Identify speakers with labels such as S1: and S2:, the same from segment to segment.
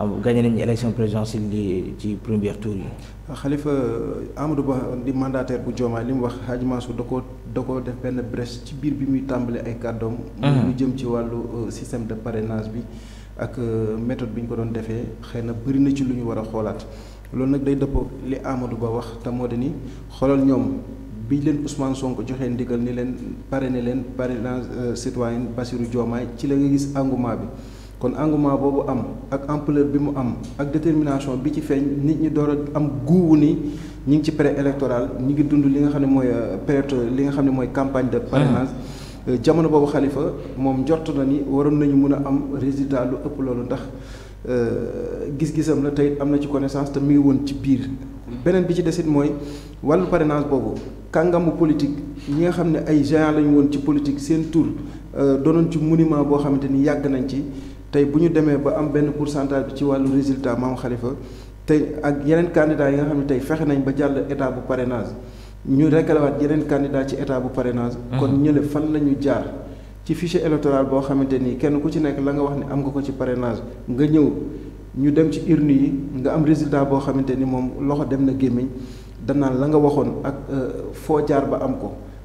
S1: am ah, gagné nañu élection présidentielle di ci premier tour yi. xalifa ah, euh, Amadou Ba di mandataire bu Diomaye li mu wax Hadj Mansour da koo da koo def benn brèche ci biir bi muy tàmbale ay kàddoom. lu jëm ci wàllu euh, système de parrainage bi ak euh, méthode bi ñu ko doon defee xëy na bëri na ci lu ñu war a xoolaat loolu nag day dëppoo li Amadou Ba wax te de ni xoolal ñoom. bi leen Ousmane Sonko joxee ndigal ni leen parrainé leen parrainage citoyen Bassirou Diomaye ci la nga gis bi kon engouement boobu am ak ampleur bi mu am ak détermination bi ci feeñ nit ñi door a am guubu ni ñi ngi ci pré électoral ñi ngi dund li nga xam ne mooy euh, période li nga xam ne mooy campagne de parrainage ah. euh, jamono boobu xalifa moom njort na ni waroon nañu mën a am résultat lu ëpp loolu ndax euh, gis-gisam la tey am na ci connaissance te mi ngi woon ci biir beneen bi ci desit mooy wàllu parrainage boobu kàngamu politique ñi nga xam ne ay géant lañu woon ci politique seen tour doonoon ci monument boo xamante ni yàgg nañ ci tey bu ñu demee ba am benn pourcentage bi ci wàllu résultat maam Khalifa tey ak yeneen candidats yi nga xam ne tey fexe nañ ba jàll état bu parrainage ñu rekalewaat yeneen candidat ci état bu parrainage. kon ñële fan la ñu jaar. ci fichier électoral boo xamante ni kenn ku ci nekk la nga wax ni am nga ko ci parrainage nga ñëw ñu dem ci urne yi nga am résultat boo xamante ni moom loxo dem na gémmiñ danaal la nga waxoon ak euh, foo jaar ba am ko.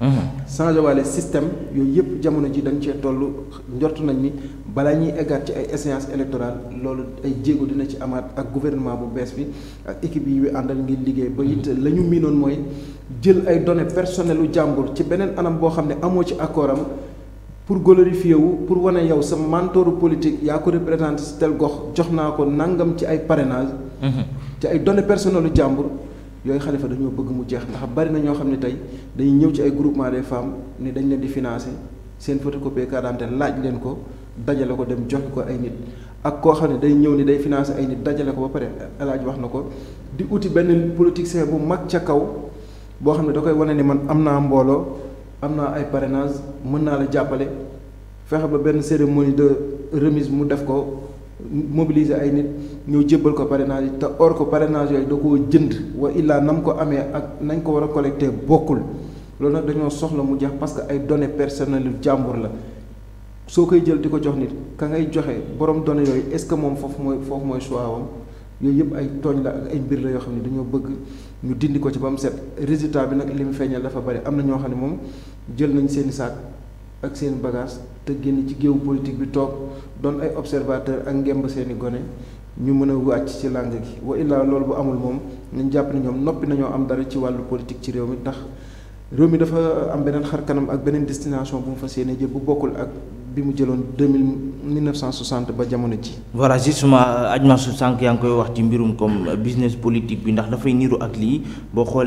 S1: changé mm-hmm. waale système yooyu yëpp jamono ji dañ cee toll njort nañ ni balaa ñuy eggaat ci ay échéance électorale loolu ay jéego dina ci amaat ak gouvernement bu bees bi ak équipe yi àndal ngir liggéey ba yitte mm-hmm. la ñu miinoon mooy jël ay données personnelles lu jàmbur ci beneen anam boo xam ne amoo ci accord am pour glorifier wu pour wane yow sa mentoru politique yaa ko représenté si tel gox jox naa ko nangam ci ay parrainage mm-hmm. ci ay données personnelles lu jàmbur yooyu xalifa dañoo bëgg mu jeex ndax bari na ñoo xam ne tey day ñëw ci ay groupement des femmes ni dañ leen di financer seen photocopie carte d'identité laaj leen ko dajale ko dem joxe ko ay nit ak koo xam ne day ñëw ni day financé ay nit dajale ko ba pare laaj wax na ko di uti benn politicien bu mag ca kaw boo xam ne da koy wane ni man am naa mbooloo am naa ay parrainage mën naa la jàppale fexe ba benn cérémonie de remise mu def ko mobiliser ay nit ñëw jébbal ko parrainage naa te or ko parrainage yooyu da koo jënd wa illaa nam ko amee ak nañ ko war a collecté bokkul loolu nag dañoo soxla mu jeex parce que ay données personnelles yu jàmbur la soo koy jël di ko jox nit ka ngay joxe borom données yooyu est ce que moom foofu mooy foofu mooy choix wam yooyu yëpp ay tooñ la ak ay mbir la yoo xam ne dañoo bëgg ñu dindi ko ci ba mu set résultat bi nag li mu feeñal dafa bari am na ñoo xam ne moom jël nañ seen i saak ak seen bagage te génn ci géew politique bi toog doon ay observateur ak ngemb seeni gone ñu mën a wàcc ci làng gi wa illaa loolu bu amul moom nañ jàpp ne ñoom noppi nañoo am dara ci wàllu politique ci réew mi ndax réew mi dafa am beneen xar kanam ak beneen destination bu mu fas yéene jël bu bokkul ak bi mu jëloon deux mille mille neuf cent soixante ba jamono ji. voilà justement ajma su sànq yaa ngi koy wax ci mbirum comme business politique bi ndax dafay niiru ak lii boo xoolee